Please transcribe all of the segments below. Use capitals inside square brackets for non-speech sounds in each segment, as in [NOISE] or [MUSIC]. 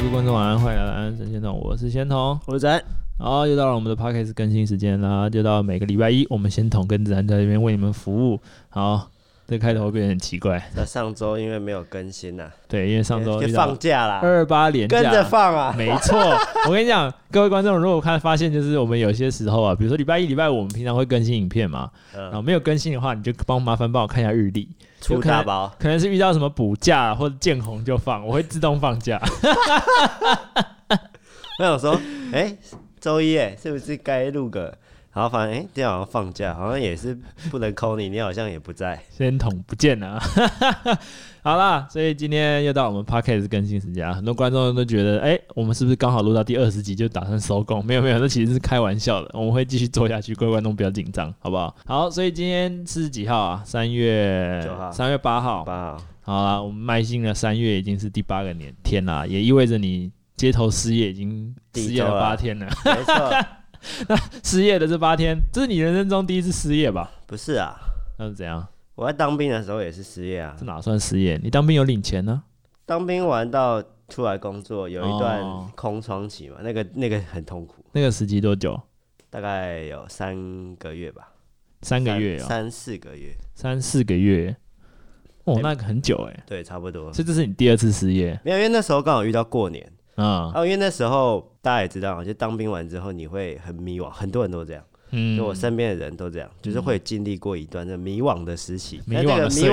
各位觀眾晚安，歡迎來到神仙桶，安安我是仙桶，我是子安，好，又到了我們的 podcast 更新時間啦，就到每個禮拜一，我們仙桶跟子安在這邊為你們服務。好，這開頭會變得很奇怪。那上周因為沒有更新啊，對，因為上周、欸、放假啦，二八連假跟着放啊，沒錯錯。 [LAUGHS] 我跟你講，各位觀眾，如果看發現就是我們有些時候啊，比如說禮拜一、禮拜五，我們平常會更新影片嘛，嗯、然後沒有更新的話，你就幫麻煩幫我看一下日曆。出大包，可能是遇到什麼補假，或者見紅就放，我會自動放假。 [LAUGHS] [LAUGHS] 沒有說，誒、欸、週一誒、欸，是不是該錄個？然後反正哎，今、欸、天好像放假，好像也是不能 call 你， [LAUGHS] 你好像也不在，仙桶不見了。 [LAUGHS] 好啦，所以今天又到我們 podcast 更新時間，很多觀眾都覺得，哎、欸，我們是不是剛好錄到第二十集就打算收工？沒有沒有，那其實是開玩笑的，我們會繼續做下去，各位觀眾不要緊張，好不好？好，所以今天是幾號啊？三月九號，三月八號，八號好了，我們邁進了三月已經是第八個年天啦、啊，也意味着你街頭失業已經失業了八天了，了 [LAUGHS] 沒錯。 [LAUGHS] 失業的這八天，這、就是你人生中第一次失業吧？不是啊，那是怎樣？我在當兵的時候也是失業啊。這、嗯、哪算失業？你當兵有領錢呢、啊？當兵完到出來工作，有一段空窗期嘛？哦、那個那個很痛苦。那個時期多久？大概有三個月吧。三個月啊、哦？三四個月？三四個月？哦，對那個很久哎、欸。對，差不多。所以這是你第二次失業？沒有，因為那時候剛好遇到過年。嗯，然後因為那時候大家也知道，就當兵完之後你會很迷惘，很多人都這樣。嗯，就我身邊的人都這樣，就是會經歷過一段的迷惘的時期。迷惘的時期。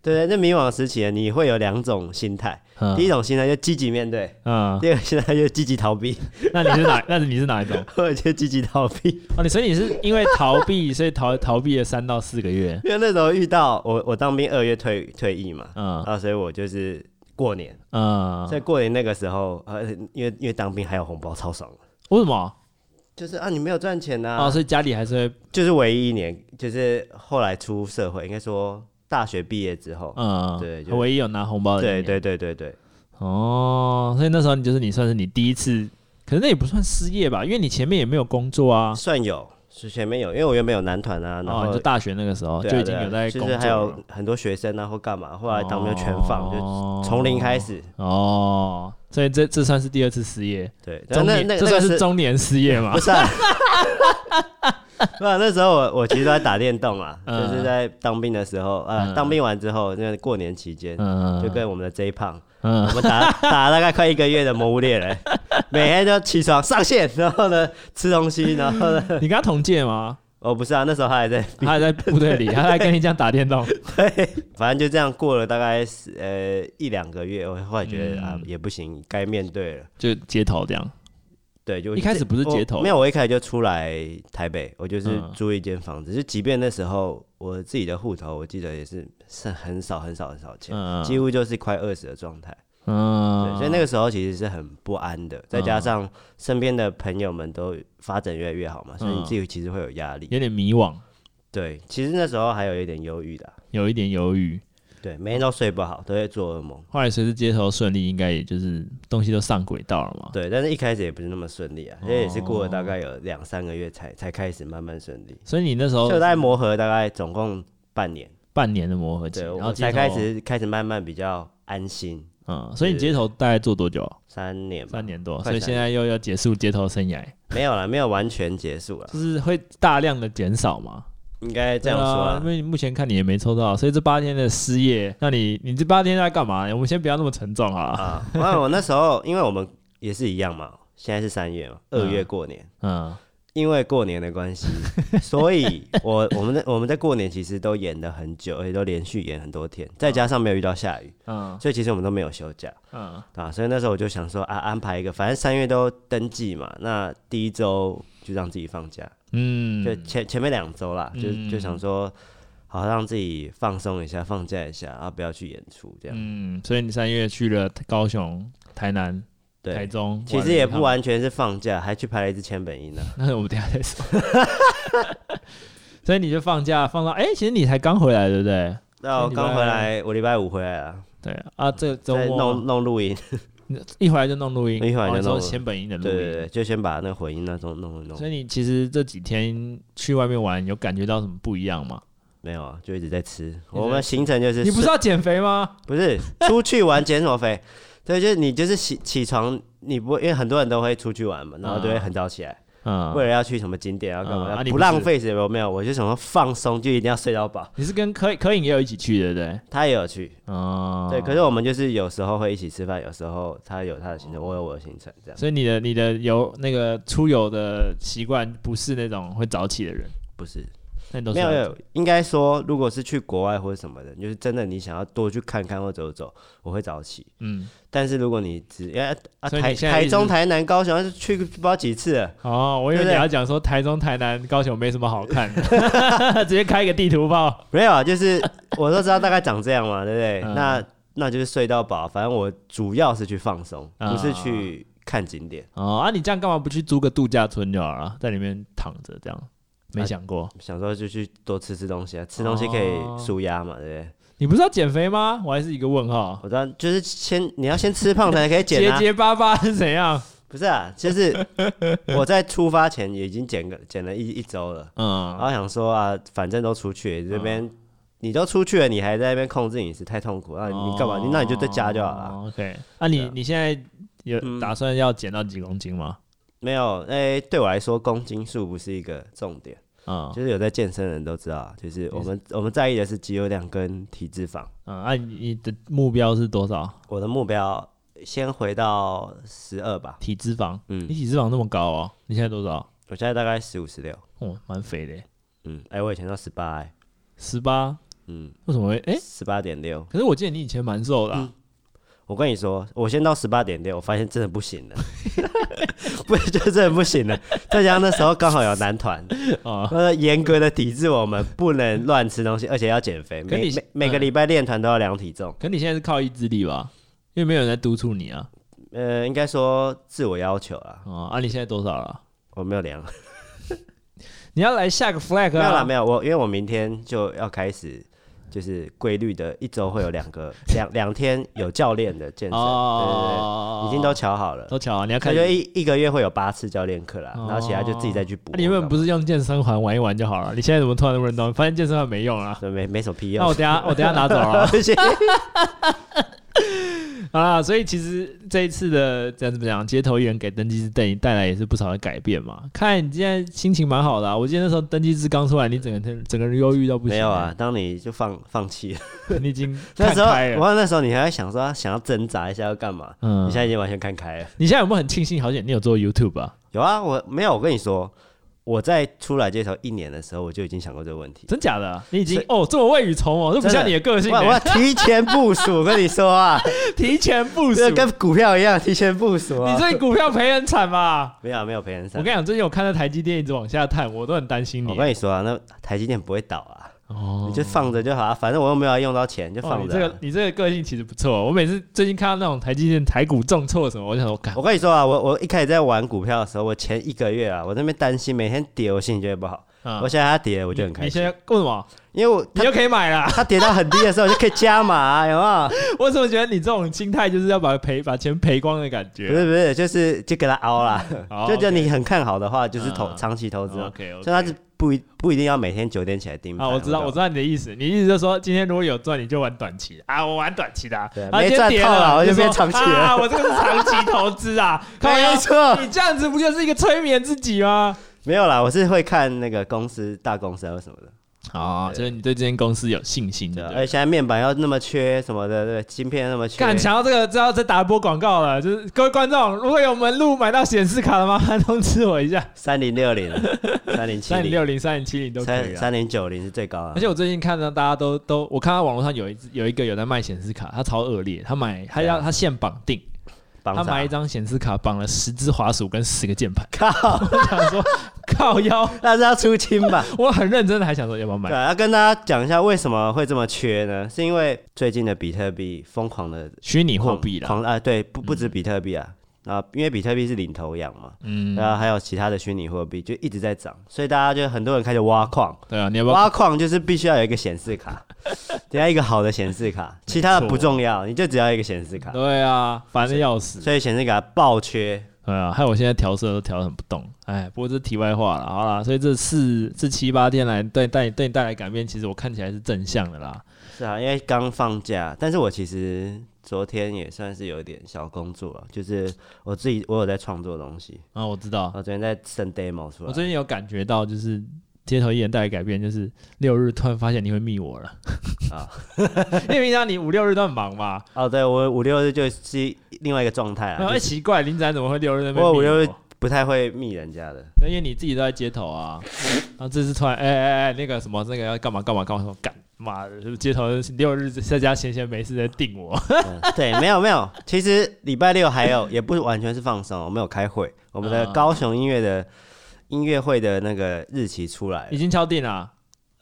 對對，那迷惘時期啊，你會有兩種心態。第一種心態就積極面對，嗯，第二個心態就積極逃避。那你是哪？那你是哪一種？我就積極逃避。哦，你所以你是因為逃避，所以逃逃避了三到四個月。因為那時候遇到我，我當兵二月退退役嘛，嗯，然後所以我就是。過年，嗯，在過年那個時候，呃，因為因為當兵還有紅包超爽的。為什麼？就是啊，你沒有賺錢吶，啊，啊，所以家裡還是會就是唯一一年，就是後來出社會，應該說大學畢業之後，嗯，對，就唯一有拿紅包的，對，對對對對對，哦，所以那時候你就是你算是你第一次，可是那也不算失業吧？因為你前面也沒有工作啊。算有。是前面有，因為我原本有男團啊，然後、哦、就大學那個時候對啊，對啊，就已經有在工作還有很多學生啊，或幹嘛，後來當兵就全放，哦、就從零開始。哦，所以這這這算是第二次失業，對，中年、啊、那那這算是中年失業嗎？不是、啊。 [LAUGHS] [LAUGHS] 不啊，那時候我我其實在打電動啊，就是在當兵的時候、嗯、啊，當兵完之後，那過年期間，嗯、就跟我們的 J 胖、嗯，我們打打了大概快一個月的魔物獵人，嗯、 [LAUGHS] 每天都起床上線，然後呢吃東西，然後呢。你跟他同屆嗎？哦，不是啊，那時候他還在他還在部隊裡，他 [LAUGHS] 還跟你這樣打電動。對，反正就這樣過了大概呃、欸、一兩個月，我後來覺得、嗯、啊也不行，該面對了，就接頭這樣。對，就，就一開始不是街頭，沒有，我一開始就出來台北，我就是租一間房子，嗯、就即便那時候我自己的戶頭，我記得也是是很少很少很少錢，嗯、幾乎就是快餓死的狀態，嗯，所以那個時候其實是很不安的，嗯、再加上身邊的朋友們都發展越來越好嘛，所以你自己其實會有壓力、嗯，有點迷惘，對，其實那時候還有一點憂鬱的、啊，有一點憂鬱。對，每天都睡不好，都會做噩夢。後來隨着街頭順利，應該也就是東西都上軌道了嘛。對，但是一開始也不是那麼順利啊，因為也是過了大概有兩三個月才、哦、才開始慢慢順利。所以你那時候就在磨合，大概總共半年，半年的磨合期，然後才開始開始慢慢比較安心。嗯，所以你街頭大概做多久、啊？三年吧，三年多。所以現在又要結束街頭生涯？嗯、沒有了，沒有完全結束了， [LAUGHS] 就是會大量的減少嘛。應該這樣說、啊啊，因為目前看你也沒抽到，所以這八天的失業，那你你這八天在幹嘛呢？我們先不要那麼沉重啊！啊，我那時候因為我們也是一樣嘛，現在是三月嘛，嗯、二月過年，嗯，因為過年的關係，嗯、所以我我們在我們在過年其實都演了很久，而且都連續演很多天，再加上沒有遇到下雨，嗯，所以其實我們都沒有休假，嗯啊，所以那時候我就想說啊，安排一個，反正三月都登記嘛，那第一周就讓自己放假。嗯，就前前面兩週啦，就、嗯、就想說，好讓自己放鬆一下，放假一下，啊，不要去演出這樣。嗯，所以你三月去了高雄、台南、對台中，其實也不完全是放假，們還去拍了一支千本櫻呢、啊。那我們等下再說。 [LAUGHS] [LAUGHS] 所以你就放假放到哎、欸，其實你才剛回來對不對？對哦，剛回來，我禮拜五回來了。對啊，這週、在弄弄錄音。 [LAUGHS] 一回來就弄錄音，一回來就弄然後就先本音的錄音，對、對、對，就先把那回音那種弄一弄。所以你其實這幾天去外面玩，有感覺到什麼不一樣嗎？嗯，沒有啊，就一直在吃。我們行程就是，對不對？你不是要減肥嗎？不是，出去玩減什麼肥？ [LAUGHS] 對，就是你就是起起床，你不會因為很多人都會出去玩嘛，然後都會很早起來。啊嗯，為了要去什麼景點啊，幹嘛？不浪費什麼沒有，嗯啊、我就想說放鬆，就一定要睡到飽。你是跟柯柯穎也有一起去的對？他也有去、嗯、對，可是我們就是有時候會一起吃飯，有時候他有他的行程，嗯、我有我的行程這樣。所以你的你的遊那個出遊的習慣，不是那種會早起的人，不是。沒有，應該說，如果是去國外或者什麼的，就是真的你想要多去看看或走走，我會早起。嗯，但是如果你只，啊啊、所台中、台南、高雄要去不知道幾次了。哦，我以為你要講說台中、台南、高雄沒什麼好看的， [LAUGHS] [LAUGHS] 直接開一個地圖炮。沒有啊，就是我都知道大概長這樣嘛， [LAUGHS] 對不對，對？那那就是睡到飽。反正我主要是去放鬆，啊、不是去看景點。哦啊，啊，你這樣幹嘛不去租個度假村就好了，啊，在裡面躺着這樣。沒想過、啊，想說就去多吃吃東西啊，吃東西可以舒壓嘛，對不、哦、對？你不是要減肥嗎？我還是一個問號。我知道，就是先你要先吃胖才可以減、啊。 [LAUGHS] 結結巴巴是怎樣？不是啊，就是我在出發前也已經減個減了一一周了，嗯，然後想說啊，反正都出去這邊，嗯、你都出去了，你還在那邊控制飲食太痛苦，那你幹嘛？那你、哦、那你就在家就好了。哦 okay 啊、對、啊，那你你現在有打算要減到幾公斤嗎？嗯沒有誒、欸，對我來說公斤數不是一個重點，嗯，就是有在健身的人都知道，就是我們、就是、我們在意的是肌肉量跟體脂肪，嗯，啊，你的目標是多少？我的目標先回到十二吧，體脂肪，嗯，你體脂肪那麼高哦？你現在多少？我現在大概十五十六，嗯，蠻肥的。嗯，哎、欸，我以前都十八，十八，嗯，為什麼會？哎、欸，十八點六，可是我記得你以前蠻瘦的。嗯我跟你說，我先到十八點六，我發現真的不行了， [LAUGHS] [LAUGHS] 不是就真的不行了。再加上那時候剛好有男團，那嚴、 [LAUGHS] 哦呃、格的體制，我們不能亂吃東西，而且要減肥。每每，每個禮拜練團都要量體重。可你現在是靠意志力吧？因為沒有人在督促你啊。呃，應該說自我要求啊。哦，啊，你現在多少了？我沒有量。 [LAUGHS] 你要來下個 flag？沒有了，沒有我，因為我明天就要開始。就是規律的，一周會有兩個兩兩天有教練的健身， [LAUGHS] 哦、對對對，已經都瞧好了，都瞧好了，你要看，他、啊、就一一個月會有八次教練課啦，哦、然後其他就自己再去補。啊、你們不是用健身環玩一玩就好了？ [LAUGHS] 你現在怎麼突然問到？發現健身環沒用啊，對，沒沒什麼屁用。 [LAUGHS] 那我等下我等下拿走了、啊。 [LAUGHS] [LAUGHS] 啊，所以其實這一次的這樣子講，街頭藝人給登記制，帶帶來也是不少的改變嘛。看你現在心情蠻好的、啊，我記得那時候登記制剛出來，你整個天整個人憂鬱到不行、欸。沒有啊，當你就放放棄了， [LAUGHS] 你已經 [LAUGHS] 那時候，我看那時候你還在想說想要掙扎一下要幹嘛，嗯，你現在已經完全看開了、嗯。你現在有沒有很慶幸？好險，你有做 YouTube 吧、啊？有啊，我沒有。我跟你說。我在出來這頭一年的時候，我就已經想過這個問題。真假的，你已經以哦這麼未雨綢繆、喔，這不像你的個性、欸的。我要提,、啊、 [LAUGHS] 提前部署，跟你說啊，提前部署，跟股票一樣，提前部署、啊。你最近股票賠很慘吧、 [LAUGHS] 啊？沒有沒有賠很慘。我跟你講，最近我看到台積電一直往下探，我都很擔心你、啊。我跟你說啊，那台積電不會倒啊。哦，oh、你就放着就好了、啊、反正我又沒有用到錢，就放着、啊。Oh, 你這個你這個個性其實不錯、啊。我每次最近看到那種台積電台股重挫什麼，我就很我跟你說啊我，我我一開始在玩股票的時候，我前一個月啊，我這邊擔心每天跌，我心情就會不好。啊、我現在它跌，我就很開心你。你現在為什麼？因為我他你就可以買了，它跌到很低的時候就可以加碼、啊， [LAUGHS] 有沒有？我怎麼覺得你這種心態就是要把賠把錢賠光的感覺？不是不是，就是就給它熬了。就覺得你很看好的話，就是投長期投資。OK，所以它是。不一不一定要每天九點起來盯盤哦，啊、我知道，我，我，我知道你的意思，你意思就是說，今天如果有賺，你就玩短期啊，我玩短期的，啊，對啊今天跌了，了我就變長期了、啊 [LAUGHS] 啊、我這個是長期投資啊， [LAUGHS] 沒錯錯你這樣子不就是一個催眠自己嗎？沒，錯嗎沒有啦，我是會看那個公司大公司啊什麼的。哦、啊，就是你對這間公司有信心的。而且現在面板要那麼缺什麼的，對，晶片那麼缺，看，瞧這個，這要再打一波廣告了。就是各位觀眾，如果有門路買到顯示卡的，麻煩通知我一下。三零六零、三零七零、三零六零、三零七零都可以、啊，三零九零是最高的、啊。而且我最近看到大家都都，我看到網絡上有一有一個有在賣顯示卡，他超惡劣，他買他要他現綁定。啊、他買一張顯示卡，綁了十隻滑鼠跟十個鍵盤。靠！我想說靠腰，大家出清吧！ [LAUGHS] 我很認真的，還想說要不要買。對，要、啊、跟大家講一下，為什麼會這麼缺呢？是因為最近的比特幣瘋狂的虛擬貨幣了。啊，對，不不止比特幣啊。嗯啊，因為比特幣是領頭羊嘛，嗯，然後、啊、還有其他的虛擬貨幣就一直在漲，所以大家就很多人開始挖礦，對啊，你要不要挖礦？就是必須要有一個顯示卡，得要 [LAUGHS] 一,一個好的顯示卡，錯其他的不重要，你就只要一個顯示卡。對啊，煩的要死。所以顯示卡爆缺，對啊。害我現在調色都調得很不動，哎，不過這是題外話了，好啦，所以這四這七八天來對，帶你對你帶來改變，其實我看起來是正向的啦。是啊，因為剛放假，但是我其實。昨天也算是有一點小工作了，啊，就是我自己我有在創作的東西啊，我知道，我、啊、昨天在 send demo 出來。我最近有感覺到就是街頭藝人帶來改變，就是六日突然發現你會密我了啊，因為平常你五六日都很忙嘛。哦，啊，對我五六日就是另外一個狀態啊，欸就是，奇怪林子安怎麼會六日不，我五六日不太會密人家的，因為你自己都在街頭啊， [LAUGHS] 然後這次突然哎哎哎那個什麼那個要幹嘛幹嘛幹嘛什幹。媽的，是不街頭六日在家閒閒沒事在定我？對，沒有沒有，其實禮拜六還有，也不完全是放鬆，我們有開會。我們的高雄音樂的音樂會的那個日期出來，已經敲定了。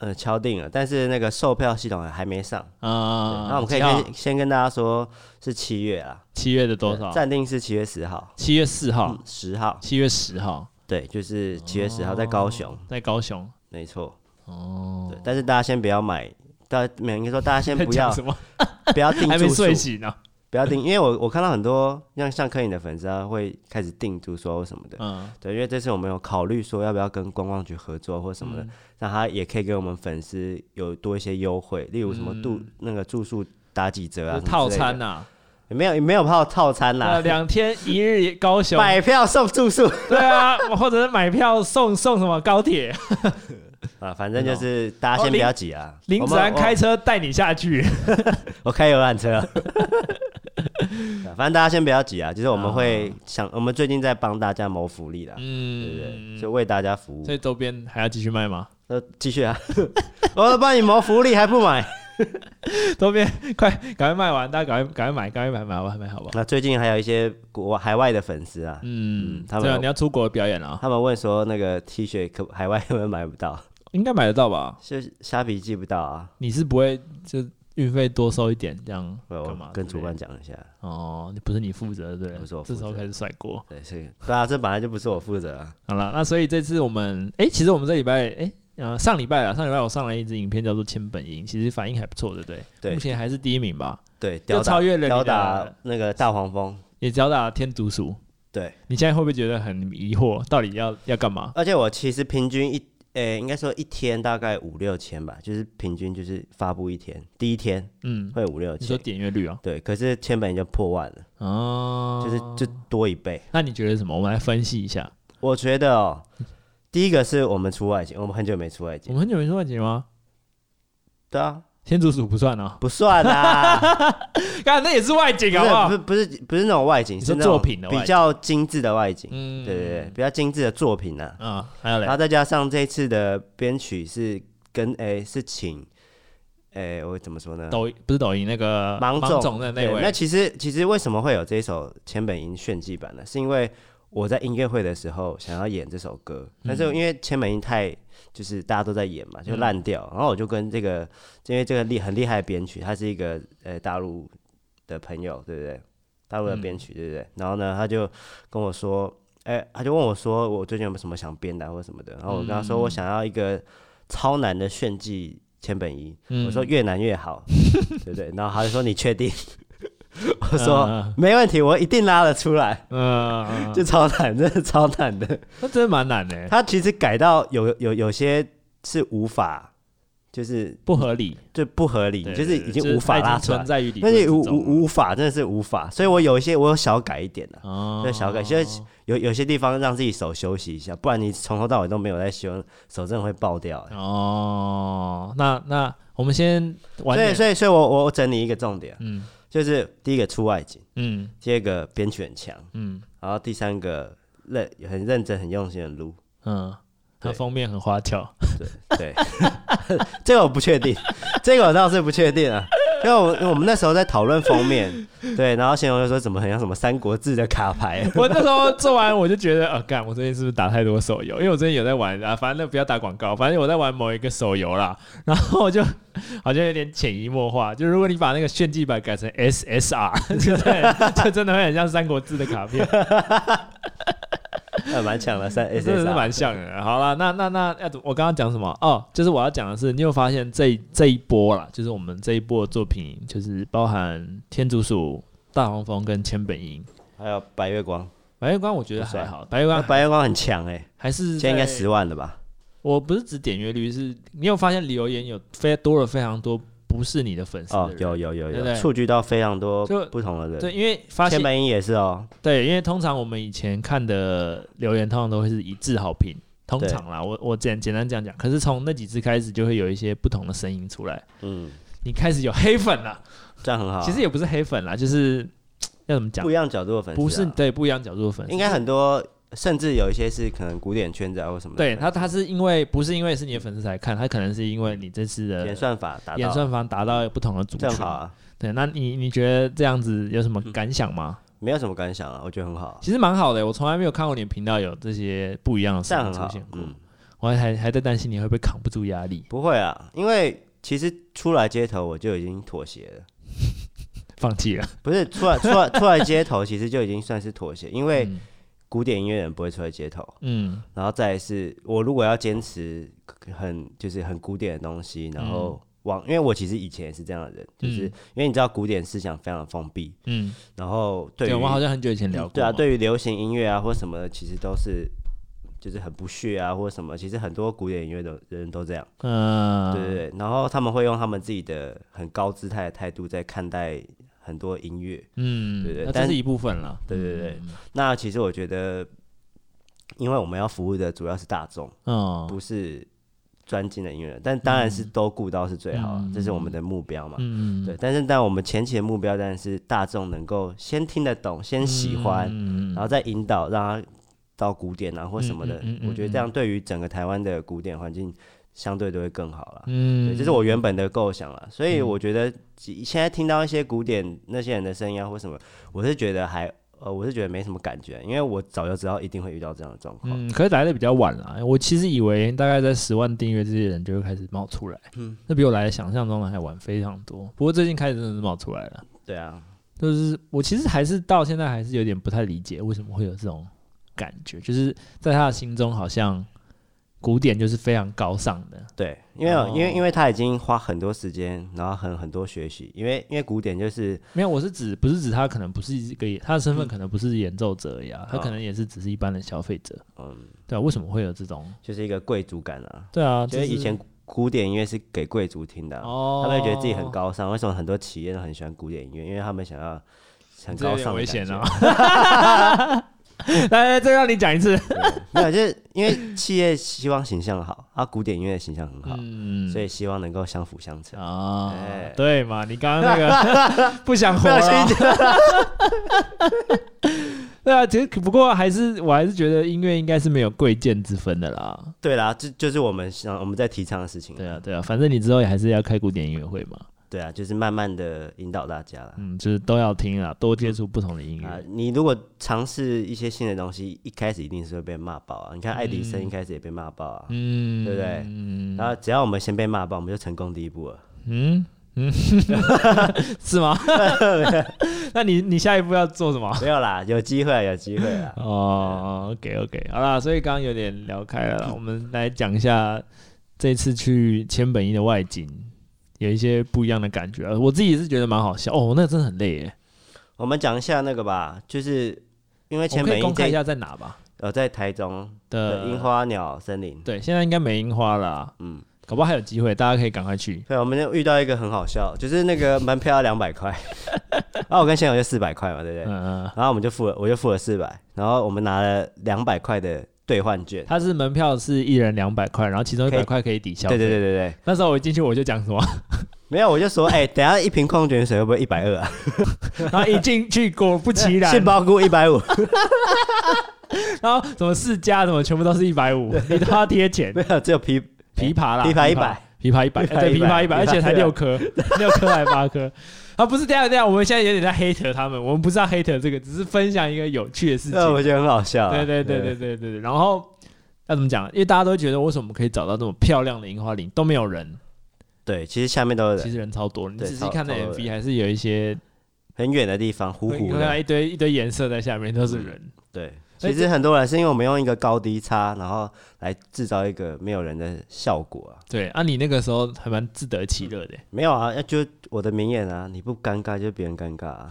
嗯，敲定了，但是那個售票系統還沒上啊。那我們可以先跟大家說是七月啦。七月的多少？暫定是七月十號。七月四號。十號。七月十號。對，就是七月十號，在高雄，在高雄。沒錯。哦。對，但是大家先不要買。大家，每個人應該說大家先不要， [LAUGHS] 啊、不要定，還沒睡醒呢，不要訂，因為我我看到很多像上科影的粉絲啊，會開始訂住宿、啊、什麼的，嗯，對，因為這次我們有考慮說要不要跟觀光局合作或什麼的，嗯、讓他也可以跟我們粉絲有多一些優惠，例如什麼度、嗯、那個住宿打幾折啊，套餐吶、啊，也沒有也沒有泡套餐啦，呃，兩天一日高雄， [LAUGHS] 買票送住宿，對啊， [LAUGHS] 或者是買票送送什麼高鐵。 [LAUGHS] 啊，反正就是大家先不要急啊。林子安開車帶你下去，我開遊覽車。反正大家先不要急啊，就是我們會想，我們最近在幫大家謀福利啦，嗯，對不對？就為大家服務。這周邊還要繼續賣嗎？呃，繼續啊。我要幫你謀福利還不買？周邊快，趕快賣完，大家趕快趕快買，趕快買買完買好不好？那最近還有一些國海外的粉絲啊，嗯，他們對啊，你要出國表演啊，他們問說那個 T 恤可海外有沒有買不到？應該買得到吧？就蝦比記不到啊！你是不會就運費多收一點這樣？會幹嗎？跟主管講一下？哦、喔，不是你負責，對，不是我責，這時候開始甩鍋。對是，對啊，這本來就不是我負責。 [LAUGHS] 好了，那所以這次我們哎、欸，其實我們這禮拜哎、欸，呃，上禮拜啊，上禮拜我上了一支影片叫做《千本櫻》，其實反應還不錯，對不對？對，目前還是第一名吧？對，又超越了打那個大黃蜂，也打打天竺鼠。對，你現在會不會覺得很疑惑？到底要要幹嘛？而且我其實平均一。誒、欸，應該說一天大概五六千吧，就是平均就是發布一天第一天，嗯，會五六千，嗯、你說點閱率啊。對，可是千本就破萬了，哦，就是就多一倍。那你覺得什麼？我們來分析一下。我覺得哦、喔，第一個是我們出外景，我們很久沒出外景， [LAUGHS] 我們很久沒出外景嗎？對啊。天竺鼠不算哦，不算啊。看 [LAUGHS] 那也是外景啊，不是不是不是那種外景，是作品比較精致的外景。外景嗯，對，對對，比較精致的作品啊，嗯、還有然後再加上這次的編曲是跟誒、欸、是請誒、欸、我怎麼說呢？抖不是抖音那個芒總，總的那位。那其實其實為什麼會有這一首《千本櫻炫技版》呢？是因為。我在音樂會的時候想要演這首歌，嗯、但是因為千本櫻太就是大家都在演嘛，就爛掉。嗯、然後我就跟這個，就是、因為這個厲很厲害的編曲，他是一個呃、欸、大陸的朋友，對不對？大陸的編曲，嗯、對不對？然後呢，他就跟我說，哎、欸，他就問我說，我最近有沒有什麼想編的、啊、或者什麼的？然後我跟他說，我想要一個超難的炫技千本櫻，嗯、我說越難越好，嗯、對不對？然後他就說，你確定？ [LAUGHS] 我說沒問題，uh, 我一定拉得出來。嗯，uh, uh, 就超難，真的超難的。他真的蠻難的。他其實改到有有有些是無法，就是不合理，就不合理，對就是已經無法拉出來。是但是無無法真的是無法，所以我有一些我有小改一點的、啊，就、oh, 小改，因為有有些地方讓自己手休息一下，不然你從頭到尾都沒有在休，手真的會爆掉、欸。哦、oh,，那那我們先完。所以所以所以我我整理一個重點，嗯。就是第一個出外景，嗯，第二個編曲很強，嗯，然後第三個認很認真、很用心的錄，嗯，他對封面很花俏，對對，對 [LAUGHS] [LAUGHS] 這個我不確定， [LAUGHS] 這個我倒是不確定啊。因為我 [LAUGHS] 我們那時候在討論封面，對，然後仙桶就說怎麼很像什麼三國志的卡牌。我那時候做完我就覺得，呃、啊、幹，我最近是不是打太多手遊？因為我最近有在玩啊，反正那不要打廣告，反正我在玩某一個手遊啦。然後我就好像有點潛移默化，就如果你把那個炫技版改成 SSR，就對 [LAUGHS] 就真的會很像三國志的卡片。 [LAUGHS] 呃，蠻強、 [LAUGHS] 啊、的，三 S 是蠻像的。對好了，那那那要我剛剛講什麼？哦，就是我要講的是，你有發現這一這一波了，就是我們這一波作品，就是包含天竺鼠、大黃蜂跟千本櫻，還有白月光。白月光我覺得還好，帥白月光、啊、白月光很強誒、欸。還是在現在應該十萬了吧？我不是指點閱率，是你有發現留言有非多了非常多。不是你的粉絲哦，有有有有，觸及到非常多不同的人。對，因為發現千百音也是哦。對，因為通常我們以前看的留言，通常都會是一致好評，通常啦。對我我簡簡單講講，可是從那幾次開始，就會有一些不同的聲音出來。嗯，你開始有黑粉了，這樣很好、啊。其實也不是黑粉啦，就是要怎麼講？不一樣角度的粉絲、啊。不是對，不一樣角度的粉絲，應該很多。甚至有一些是可能古典圈子啊，或什麼，什麼對他，他是因為不是因為是你的粉絲才看，他可能是因為你這次的演算法達，演算法達到，到不同的族群，這樣好啊。對，那你你覺得這樣子有什麼感想嗎、嗯？沒有什麼感想啊，我覺得很好、啊。其實蠻好的，我從來沒有看過你的頻道有這些不一樣的事情出現過。嗯、我還還還在擔心你會不會扛不住壓力。不會啊，因為其實出來街頭我就已經妥協了，放棄了。不是出來出來出來街頭，其實就已經算是妥協， [LAUGHS] 因為。嗯古典音樂人不會出來街頭，嗯，然後再來是我如果要堅持很就是很古典的東西，然後往，嗯、因為我其實以前也是這樣的人，就是、嗯、因為你知道古典思想非常的封閉，嗯，然後對,對，我們好像很久以前聊過、嗯，對啊，對於流行音樂啊或什麼的，其實都是就是很不屑啊或者什麼，其實很多古典音樂的人都這樣，嗯，對,對對，然後他們會用他們自己的很高姿態的態度在看待。很多音樂，嗯，對對，但是一部分了，對對對。那其實我覺得，因為我們要服務的主要是大眾，嗯，不是專精的音樂人，但當然是都顧到是最好了，這是我們的目標嘛，嗯對，但是但我們前期的目標當然是大眾能夠先聽得懂，先喜歡，嗯，然後再引導讓他到古典啊或什麼的，我覺得這樣對於整個台灣的古典環境。相對都會更好了，嗯，這，就是我原本的構想了，所以我覺得現在聽到一些古典那些人的聲音啊或什麼，我是覺得還呃，我是覺得沒什麼感覺，因為我早就知道一定會遇到這樣的狀況，嗯，可是來的比較晚了，我其實以為大概在十萬訂閱這些人就會開始冒出來，嗯，那比我來的想象中的還晚非常多，不過最近開始真的是冒出來了，對啊，就是我其實還是到現在還是有點不太理解為什麼會有這種感覺，就是在他的心中好像。古典就是非常高尚的。對，因為、哦、因為因為他已經花很多時間，然後很很多學習，因為因為古典就是沒有，我是指不是指他可能不是一個他的身份可能不是演奏者呀、啊，嗯、他可能也是只是一般的消費者，嗯，對啊，為什麼會有這種就是一個貴族感啊？對啊，因、就、為、是、以、以前古典音樂是給貴族聽的、啊，哦，他們覺得自己很高尚，為什麼很多企業都很喜歡古典音樂？因為他們想要很高尚危險呢、哦。 [LAUGHS] [NOISE] 來，來，再讓你講一次對。沒有，就是因為企業希望形象好，而、 [COUGHS] 啊、古典音樂形象很好，嗯、所以希望能夠相輔相成啊。哦、對，對嘛？你剛剛那個 [LAUGHS] 不想活了、喔。 [LAUGHS] 對啊，其實不過還是，我還是覺得音樂應該是沒有貴賤之分的啦。對啦，就就是我們想我們在提倡的事情。對啊，對啊，反正你之後也還是要開古典音樂會嘛。對啊，就是慢慢的引導大家了，嗯，就是都要聽啊，多接觸不同的音樂啊。你如果嘗試一些新的東西，一開始一定是會被罵爆啊。你看愛迪生一開始也被罵爆啊，嗯，對不對？嗯，然後只要我們先被罵爆，我們就成功第一步了，嗯嗯，是嗎？那你你下一步要做什麼？沒有啦，有機會啊，有機會啊。哦，OK OK，好啦。所以剛剛有點聊開了，我們來講一下這次去千本櫻的外景。有一些不一樣的感覺，啊，我自己也是覺得蠻好笑哦。那個，真的很累耶。我們講一下那個吧，就是因為前面你站，我可以公開一下在哪吧？呃，在台中的櫻花鳥森林。對，現在應該沒櫻花了，嗯，搞不好還有機會，大家可以趕快去。對，我們就遇到一個很好笑，就是那個門票要兩百塊，然後、 [LAUGHS] 啊、我跟仙桶就四百塊嘛，對不對？嗯，嗯。然後我們就付了，我就付了四百，然後我們拿了兩百塊的兌換券，它是門票是一人兩百塊，然後其中一百塊可以抵消。對對對對對，那時候我一進去我就講什麼，沒有我就說，哎，等下一瓶礦泉水會不會一百二啊？然後一進去果不其然，杏鮑菇一百五，然後什麼四家，什麼全部都是一百五，你都要貼錢。沒有，只有枇枇杷啦，枇杷一百，枇杷一百，對，枇杷一百，而且才六顆，六顆還八顆。啊，不是這樣，這樣，我們現在有點在黑特他們，我們不是要黑他，這個，只是分享一個有趣的事情。呃、我覺得很好笑、啊。對對對對對對對。然後要怎麼講？因為大家都覺得，為什麼我們可以找到這麼漂亮的櫻花林都沒有人？對，其實下面都是人，其實人超多。對，你仔細看那 MV，還是有一些很遠的地方，糊糊，你看一堆一堆顏色在下面都是人。嗯、對。其實很多人是因為我們用一個高低差，然後來制造一個沒有人的效果啊。對啊，你那個時候還蠻自得其樂的。沒有啊，就我的名言啊，你不尷尬就別人尷尬啊。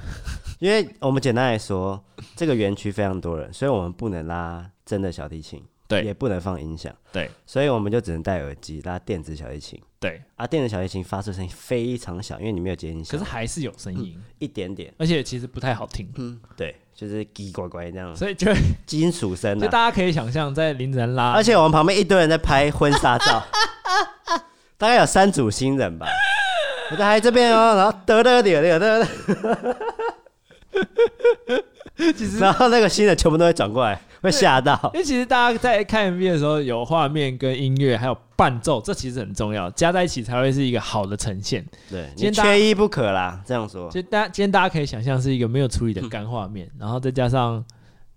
因為我們簡單來說，這個園區非常多人，所以我們不能拉真的小提琴。對，也不能放音響，對，所以我們就只能戴耳機拉電子小提琴，對，啊，電子小提琴發出聲音非常小，因為你沒有接音響，可是還是有聲音，一點點，而且其實不太好聽，嗯，對，就是嘰呱呱這樣，所以就金屬聲，就大家可以想象在凌晨拉，而且我們旁邊一堆人在拍婚紗照，大概有三組新人吧，我還在這邊哦，然後得得得 [LAUGHS] 其實 然後那個新的全部都會轉過來，對會嚇到。因為其實大家在看 MV 的時候，有畫面跟音樂，還有伴奏，這其實很重要，加在一起才會是一個好的呈現。對，今天缺一不可啦。這樣說，就大家今天大家可以想象，是一個沒有處理的乾畫面，哼然後再加上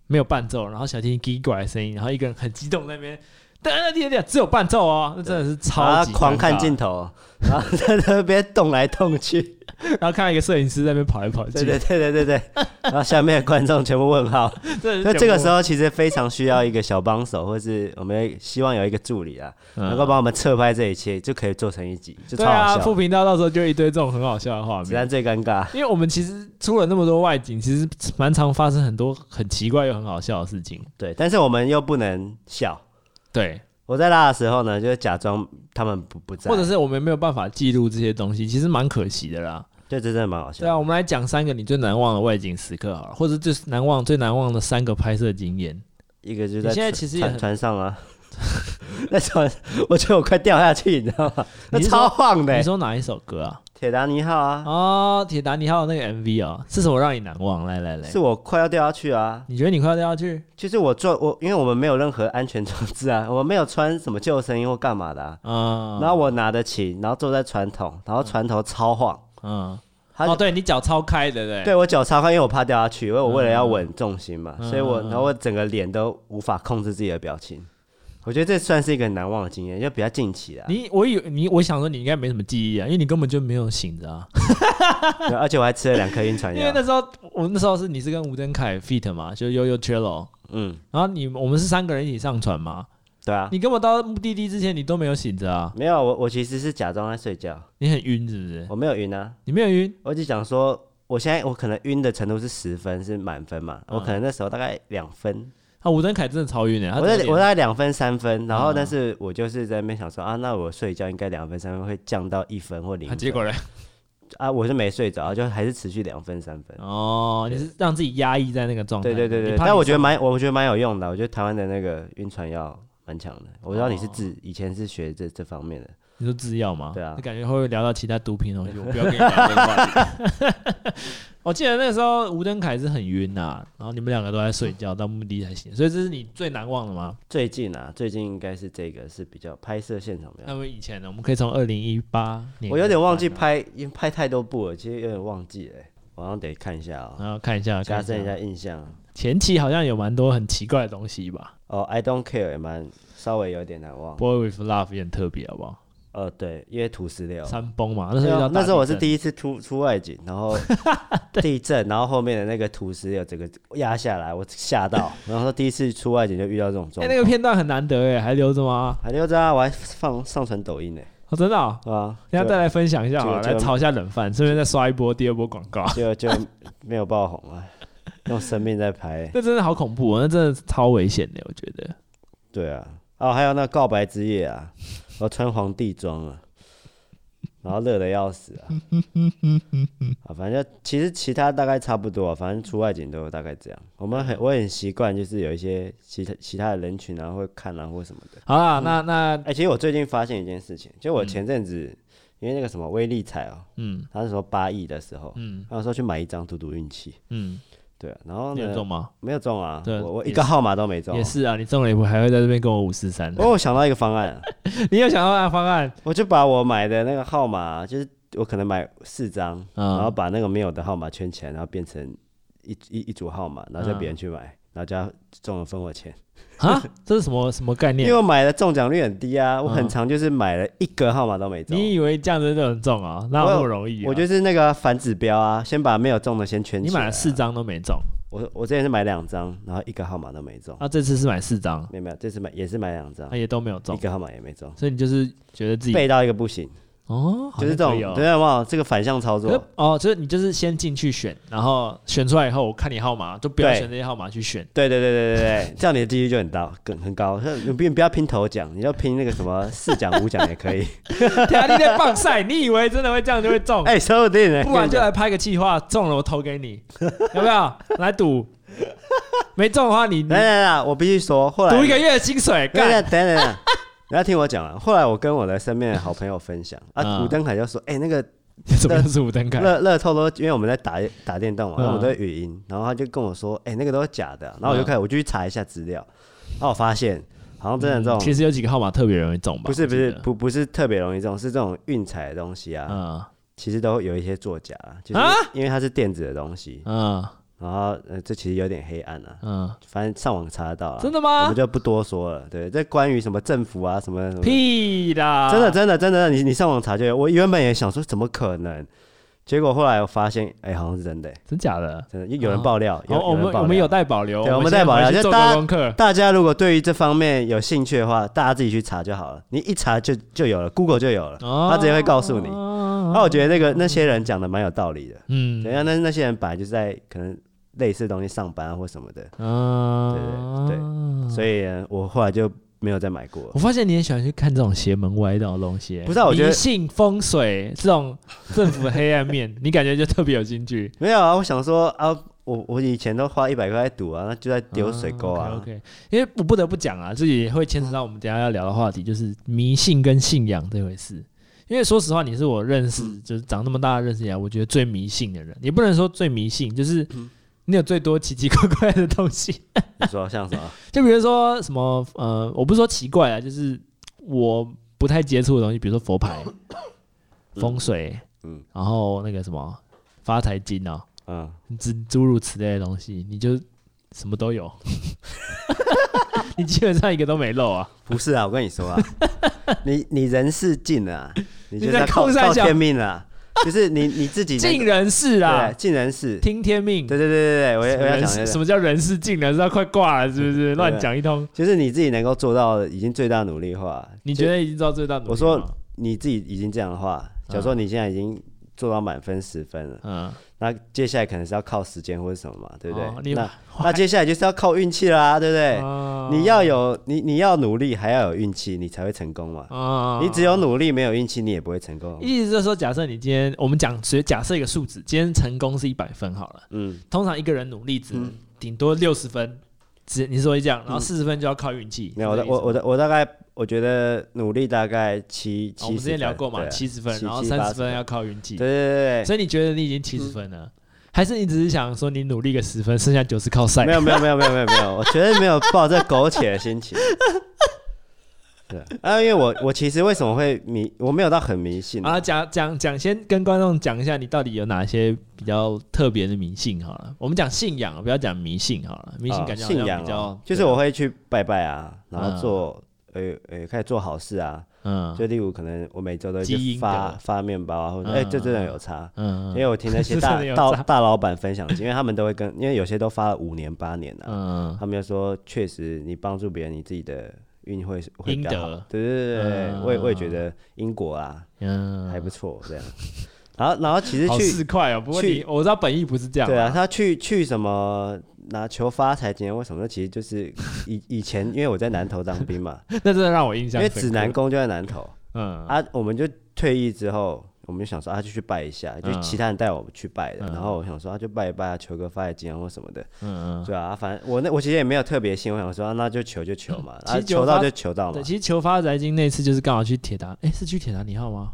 沒有伴奏，然後想聽奇怪的聲音，然後一個人很激動在那邊。對、啊、對、啊、對、啊，只有伴奏哦，那真的是超級然後狂看鏡頭，然後在那邊動來動去， [LAUGHS] 然後看一個攝影師在那邊跑來跑去，對，對對對對對， [LAUGHS] 然後下面的觀眾全部問號，那 [LAUGHS] 對這個時候其實非常需要一個小幫手， [LAUGHS] 或是我們希望有一個助理啊，嗯、啊能夠幫我們側拍這一切，就可以做成一集，就超好笑，對、啊。副頻道到時候就一堆這種很好笑的畫面，雖然最尷尬，因為我們其實出了那麼多外景，其實蠻常發生很多很奇怪又很好笑的事情，對，但是我們又不能笑。對我在拉的時候呢，就假裝他們不不在，或者是我們沒有辦法記錄這些東西，其實蠻可惜的啦。對，這真的蠻好笑。對啊，我們來講三個你最難忘的外景時刻啊，或者最難忘、最難忘的三個拍攝經驗。一個就是現在，其實船上啊。那時候我覺得我快掉下去，你知道嗎？ [LAUGHS] 那超晃的你。你說哪一首歌啊？鐵達尼號啊！哦，鐵達尼號那個 MV 啊，哦，是什麼讓你難忘？來來來，是我快要掉下去啊！你覺得你快要掉下去？其實我坐我，因為我們沒有任何安全裝置啊，我沒有穿什麼救生衣或幹嘛的啊。嗯，然後我拿得起，然後坐在船頭，然後船頭超晃。嗯，嗯就哦，對你腳超開的，的對。對我腳超開，因為我怕掉下去，因為我為了要穩重心嘛，嗯，所以我然後我整個臉都無法控制自己的表情。我覺得這算是一個很難忘的經驗，就比較近期的、啊。你我以為你，我想說你應該沒什麼記憶啊，因為你根本就沒有醒着啊。 [LAUGHS] [LAUGHS] 而且我還吃了兩顆暈船藥。 [LAUGHS] 因為那時候我那時候是你是跟吳登凱 fit 嘛，就悠悠 Cello 嗯，然後你我們是三個人一起上船嘛。對啊，你跟我到目的地之前你都沒有醒着啊？沒有，我我其實是假裝在睡覺。你很暈是不是？我沒有暈啊，你沒有暈。我就講說，我現在我可能暈的程度是十分是滿分嘛，嗯、我可能那時候大概兩分。啊，吳登凱真的超暈的、欸。我在我在兩分三分，然後但是我就是在那邊想說、哦、啊，那我睡覺應該兩分三分會降到一分或零、啊。結果呢？啊，我是沒睡着，然後就還是持續兩分三分。哦，你是讓自己壓抑在那個狀態。對對對對。對對對你你但我覺得蠻，我覺得蠻有用的。我覺得台灣的那個暈船藥蠻強的。我知道你是自、哦、以前是學這這方面的。你說製藥嗎？對啊，你感覺會不會聊到其他毒品東西？ [LAUGHS] 我不要給你打電話。我記得那時候吳登凱是很暈吶、啊，然後你們兩個都在睡覺，到目的才行。所以這是你最難忘的嗎？最近啊，最近應該是這個是比較拍攝現場的。那麼以前呢？我們可以從二零一八年，我有點忘記拍，因為拍太多部了，其實有點忘記了，我好像得看一下哦、喔、然後看一下，加深一下印象。前期好像有蠻多很奇怪的東西吧？哦、oh,，I don't care 也蠻稍微有點難忘，Boy with Love 也很特別，好不好？呃，對，因為土石流山崩嘛，那時候那時候我是第一次出出外景，然後地震， [LAUGHS] 對然後後面的那個土石流這個壓下來，我嚇到， [LAUGHS] 然後說第一次出外景就遇到這種，狀況、欸，那個片段很難得哎，還留着嗎？還留着啊，我還放上傳抖音呢，哦，真的、喔、啊，啊等下再來分享一下好了，來炒一下冷飯，順便再刷一波第二波廣告，就就沒有爆紅啊， [LAUGHS] 用生命在拍， [LAUGHS] 那真的好恐怖、哦，那真的超危險的，我覺得，對啊，哦，還有那個告白之夜啊。我穿皇帝裝啊，然後熱的要死啊！啊， [LAUGHS] 反正其實其他大概差不多、啊，反正出外景都有大概這樣。我們很我很習慣，就是有一些其他其他的人群、啊，然後會看啊或什麼的。好啦、啊嗯，那那，哎、欸，其實我最近發現一件事情，就我前陣子、嗯、因為那個什麼威力彩哦，嗯，他是說八億的時候，嗯，他說去買一張賭賭運氣，嗯。對，然後沒有中嗎？沒有中啊，對我我一個號碼都沒中。也是啊，你中了以後還會在這邊跟我五四三。哦，我想到一個方案， [LAUGHS] 你有想到那個方案？我就把我買的那個號碼，就是我可能買四張，嗯、然後把那個沒有的號碼圈起來，然後變成一一一組號碼，然後再別人去買。嗯然後就要中了分我錢啊蛤？ [LAUGHS] 這是什麼什麼概念啊？因為我買的中獎率很低啊，啊我很常就是買了一個號碼都沒中。你以為這樣子就能中啊？哪有那麼容易啊？我就是那個反指標啊，先把沒有中的先圈起來啊。你買了四張都沒中？我我之前是買兩張，然後一個號碼都沒中。那啊、這次是買四張，沒有沒有，這次買也是買兩張啊，也都沒有中，一個號碼也沒中。所以你就是覺得自己背到一個不行。哦，就是這種，等啊，有沒有？這個反向操作哦，就是你就是先進去選，然後選出來以後，我看你號碼，就不要選那些號碼去選。對對對對對對，這樣你的幾率就很高，更很高。你別不要拼頭獎，你要拼那個什麼四獎五獎也可以。天天放曬，你以為真的會這樣就會中？哎，說不定。不管就來拍個計劃，中了我投給你，有沒有？來賭。沒中的話，你來來來，我必須說，後來。賭一個月薪水，幹。等，等。大家聽我講啊！後來我跟我的身邊的好朋友分享 [LAUGHS] 啊，吳、嗯、登凱就說：“哎、欸，那個……什麼又是吳登凱？”樂透說：“因為我們在打打電動嘛、啊，嗯、我們在語音，然後他就跟我說：‘哎、欸，那個都是假的、啊。’然後我就開始，嗯、我就去查一下資料，然後我發現，好像真的這種、嗯、其實有幾個號碼特別容易中吧？不是，不是，不是，不不是特別容易中，是這種運彩的東西啊，嗯、其實都有一些作假、啊，就是因為它是電子的東西啊。嗯”然後，呃，這其實有點黑暗了。嗯，反正上網查得到。真的嗎？我們就不多說了。對，這關於什麼政府啊，什麼什麼，屁啦！真的，真的，真的，你你上網查就有。我原本也想說，怎麼可能？結果後來我發現，哎，好像是真的。真假的？真的，有人爆料，有人爆料，我們有待保留。對，我們待保留。就大家，大家如果對於這方面有興趣的話，大家自己去查就好了。你一查就就有了，Google 就有了。哦。他直接會告訴你。哦。那我覺得那個那些人講的蠻有道理的。嗯。等下那那些人本來就是在可能。類似的東西上班、啊、或什麼的，對對對，所以我後來就沒有再買過、啊。我發現你也很喜歡去看這種邪門歪道的東西、欸，不是？我覺得迷信風水這種政府黑暗面， [LAUGHS] 你感覺就特別有興趣、啊。沒有啊，我想說啊，我我以前都花一百塊賭啊，那就在丟水溝啊，啊。Okay, OK，因為我不得不講啊，自己會牽扯到我們等下要聊的話題，就是迷信跟信仰這回事。因為說實話，你是我認識就是長那麼大的認識起來，我覺得最迷信的人，也不能說最迷信，就是。嗯你有最多奇奇怪怪的東西，你說像什麼、啊？ [LAUGHS] 就比如說什麼呃，我不是說奇怪啊，就是我不太接觸的東西，比如說佛牌、嗯、風水，嗯，然後那個什麼發財金啊，嗯，諸諸如此類的東西，你就什麼都有， [LAUGHS] [LAUGHS] [LAUGHS] 你基本上一個都沒漏啊？不是啊，我跟你說啊， [LAUGHS] 你你人事盡了，你就在靠靠天命了、啊。 [LAUGHS] 就是你你自己盡人事啊，盡人事聽天命。對對對對我，也人我也要我講、就是、什麼叫人事盡人事，快掛了是不是？亂講、嗯、一通對對對，就是你自己能夠做到已經最大努力化，你覺得已經做到最大努力的話，我說你自己已經這樣的話，假如說你現在已經、啊。做到滿分十分了，嗯，那接下來可能是要靠時間或者什麼嘛，對不對、哦？那那接下來就是要靠運氣啦，對不對、哦？你要有你你要努力，還要有運氣，你才會成功嘛、哦。你只有努力沒有運氣，你也不會成功、哦。意思就是說，假設你今天我們講只假設一個數字，今天成功是一百分好了，嗯，通常一個人努力只頂多六十分。嗯嗯是，你說說這樣，然後四十分就要靠運氣、嗯。我我我我大概我覺得努力大概七七、哦、我們之前聊過嘛，七十對分，然後三十分要靠運氣。對對對，對所以你覺得你已經七十分了？嗯、還是你只是想說你努力個十分，剩下九十靠賽？沒有沒有沒有沒有沒有沒有，我絕對沒有抱這苟且的心情。 [LAUGHS] 對啊，因為我我其實為什麼會迷，我沒有到很迷信啊。講講講，先跟觀眾講一下，你到底有哪些比較特別的迷信好了。我們講信仰，我不要講迷信好了，迷信感覺，信仰。就是我會去拜拜啊，然後做呃呃，開始做好事啊。嗯，就例如可能我每週都發發麵包啊，或者哎，這這種有差。嗯，因為我聽那些大大大老闆分享，因為他們都會跟，因為有些都發了五年八年了。嗯，他們又說，確實你幫助別人，你自己的。運會會比德對，對對對，嗯、我也我也覺得英國啊、嗯、還不錯，這樣。然後然後其實去好、哦、去，塊不過我知道本意不是這樣、啊，對啊，他去去什麼拿球發財，金或什麼呢，其實就是以以前 [LAUGHS] 因為我在南投當兵嘛， [LAUGHS] 那真的讓我印象因為紫南宮就在南投，嗯，啊，我們就退役之後。我們就想說他、啊、就去拜一下，就其他人帶我們去拜的。啊、然後我想說他、啊、就拜一拜、啊、求個發財金或什麼的。嗯、啊，對啊，反正我那我其實也沒有特別信。我想說、啊、那就求就求嘛，其實啊、求到就求到了。對，其實求發財金那次就是剛好去鐵達，哎、欸，是去鐵達尼號嗎？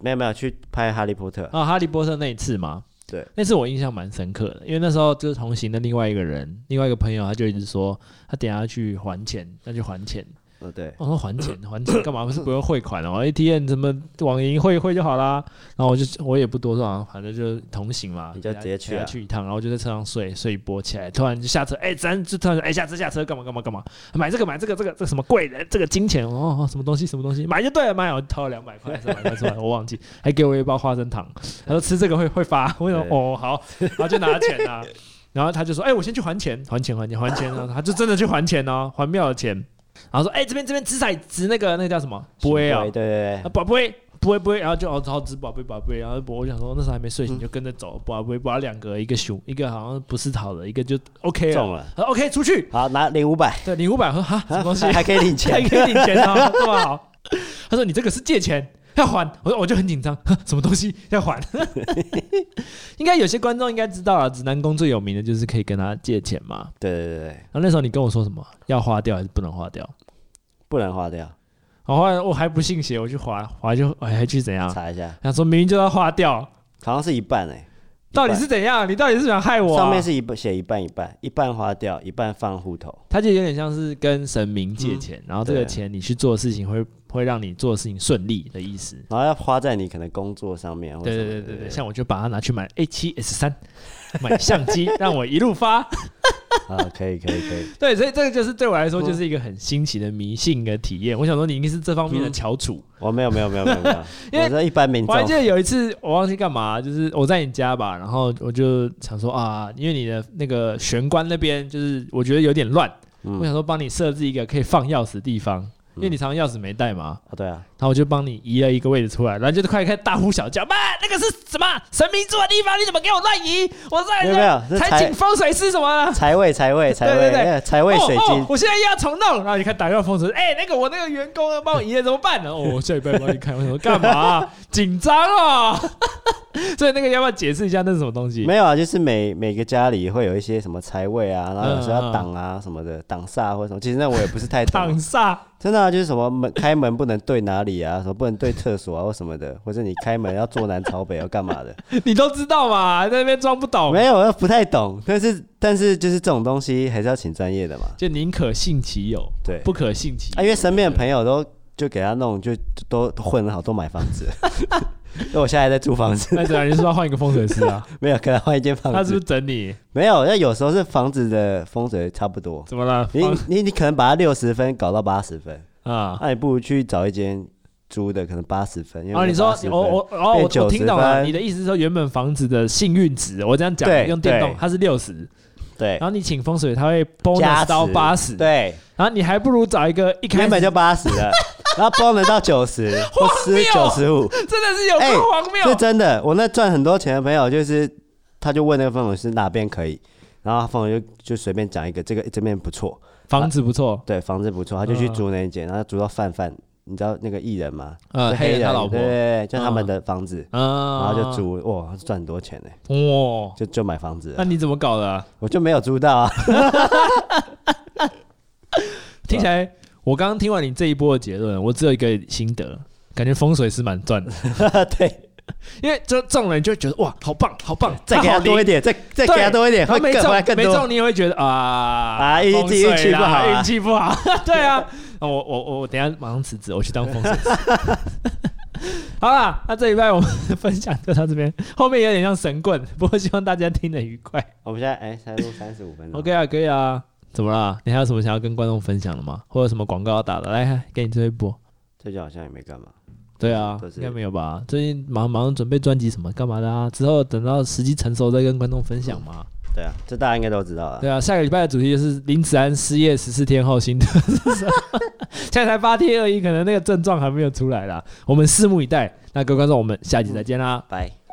沒有沒有，去拍哈利波特。啊，哈利波特那一次嗎？對，那次我印象蠻深刻的，因為那時候就是同行的另外一個人，另外一個朋友，他就一直說他等下去還錢，他就還錢。呃，oh, 對，我說、哦、還錢，還錢，幹嘛不 [COUGHS] 是不用匯款了 ATM 怎麼網銀匯一匯就好啦？然後我就我也不多說，啊，反正就同行嘛，你就直接去、啊、去一趟，然後就在車上睡睡一波，起來突然就下車，哎、欸，咱就突然哎、欸、下車下車幹嘛幹嘛幹嘛？買這個買這個這個、這個、這什麼貴的？這個金錢哦，哦，什麼東西什麼東西買就對了，買，我掏了兩百塊， [LAUGHS] 什麼什麼我忘記，還給我一包花生糖， [LAUGHS] 他說吃這個會會發，我說 [LAUGHS] 哦好， [LAUGHS] 然後就拿了錢啦、啊。然後他就說，哎、欸，我先去還錢，還錢，還錢，還錢，還錢，然後他就真的去還錢哦， [LAUGHS] 還廟的錢。然後說，哎、欸，這邊這邊紫彩指那個那個叫什麼？寶貝、啊，對對對，啊，寶貝，寶貝，寶然後就哦，掏指寶貝，寶貝，然後我想說，那時候還沒睡醒，嗯、就跟着走，寶貝，把兩個，一個熊，一個好像不是桃的，一個就 OK 了。中了，OK，出去，好拿領五百，對，領五百哈哈，啊、什麼東西還可以領錢， [LAUGHS] 還可以領錢啊、哦，對吧？好？ [LAUGHS] 他說你這個是借錢。要還我說我就很緊張，什麼東西要還？ [LAUGHS] 應該有些觀眾應該知道啊，指南宮最有名的就是可以跟他借錢嘛。對對對那、啊、那時候你跟我說什麼？要花掉還是不能花掉？不能花掉。好、哦，後來我還不信邪，我去劃劃就、哎、還去怎樣？查一下。他說明明就要花掉。好像是一半哎、欸。一半到底是怎樣？你到底是想害我、啊？上面是一半寫一半一半一半花掉一半放戶頭，他就有點像是跟神明借錢，嗯、然後這個錢你去做事情會。會讓你做事情順利的意思，然後要花在你可能工作上面，對對對，對對對。像我就把它拿去買 A 七 S 三， [LAUGHS] 買相機讓我一路發。 [LAUGHS] 啊，可以可以可以。可以，對，所以這個就是對我來說就是一個很新奇的迷信的體驗。我，我想說，你應該是這方面的翹楚、嗯。我沒有沒有沒有沒有，沒有沒有 [LAUGHS] 因為一般沒。我還記得有一次，我忘記幹嘛，就是我在你家吧，然後我就想說啊，因為你的那個玄關那邊就是我覺得有點亂，嗯、我想說幫你設置一個可以放鑰匙的地方。因為你常常鑰匙沒帶嘛？啊，對啊。然後我就幫你移了一個位置出來，然後就快開大呼小叫，媽、啊，那個是什麼神明住的地方？你怎麼給我亂移？我在沒有財請風水是什麼財？財位財位財 [LAUGHS] 對對對，對財位水晶、哦哦。我現在又要重弄， [LAUGHS] 然後你看擋掉風水，欸那個、 [LAUGHS] 哎，那個我那個員工要幫我移了怎麼辦呢？哦，我下禮拜幫你開。什麼？幹嘛、啊？緊張啊！ [LAUGHS] 所以那個要不要解釋一下那是什麼東西？沒有啊，就是每每個家裡會有一些什麼財位啊，然後有時候要擋啊什麼的，擋、嗯、煞或者什麼。其實那我也不是太懂。擋 [LAUGHS] 煞真的、啊、就是什麼門開門不能對哪裡。裡啊，說不能對廁所啊或什麼的，或者你開門要坐南朝北，要幹嘛的， [LAUGHS] 你都知道嘛？在那邊裝不懂，沒有，我又不太懂。但是但是就是這種東西還是要請專業的嘛，就寧可信其有，對，不可信其、啊、因為身邊的朋友都就給他弄，就都混了好多買房子。那 [LAUGHS] 我現在還在租房子，那你是說要換一個風水師啊？沒有，給他換一間房子，他是不是整你？沒有，那有時候是房子的風水差不多。怎麼了？你你你可能把它六十分搞到八十分啊？那、啊、你不如去找一間。租的可能八十分。然後你說我我然後我聽懂了，你的意思是說原本房子的幸運值，我這樣講用電動它是六十，對，然後你請風水他會 bonus 到八十，對，然後你還不如找一個一開始原本就八十的，然後 bonus 到九十，或是九十五，真的是有荒謬，是真的。我那賺很多錢的朋友就是，他就問那個風水師哪邊可以，然後風水就就隨便講一個，這個這邊不錯，房子不錯，對，房子不錯，他就去租那間，然後租到泛泛。你知道那個藝人嗎？呃，黑人他老婆，對，就他們的房子，然後就租，哇，賺很多錢呢，哇，就就買房子。那你怎麼搞的？我就沒有租到啊。聽起來，我剛剛聽完你這一波的結論，我只有一個心得，感覺風水是蠻賺的。對，因為這中了你就覺得哇，好棒，好棒，再給他多一點，再再給他多一點，會更來更多。你也會覺得啊啊，運氣不好，運氣不好，對啊。啊、我我我，我等一下馬上辭職，我去當風水師。 [LAUGHS] [LAUGHS] 好啦，那、啊、這禮拜我們分享就到這邊，後面有點像神棍，不過希望大家聽得愉快。我們現在哎、欸，才錄三十五分鐘。OK 啊，可以啊。怎麼啦？你還有什麼想要跟觀眾分享的嗎？或者什麼廣告要打的？來，給你這一波。最近好像也沒幹嘛。對啊，就是、應該沒有吧？最近忙忙準備專輯什麼、幹嘛的啊？之後等到時機成熟再跟觀眾分享嘛。嗯對啊，這大家應該都知道了。對啊，下個禮拜的主題就是林子安失業十四天後心得 [LAUGHS] [LAUGHS] 現在才八天而已，可能那個症狀還沒有出來啦。我們拭目以待。那各位觀眾，我們下集再見啦，拜、嗯。Bye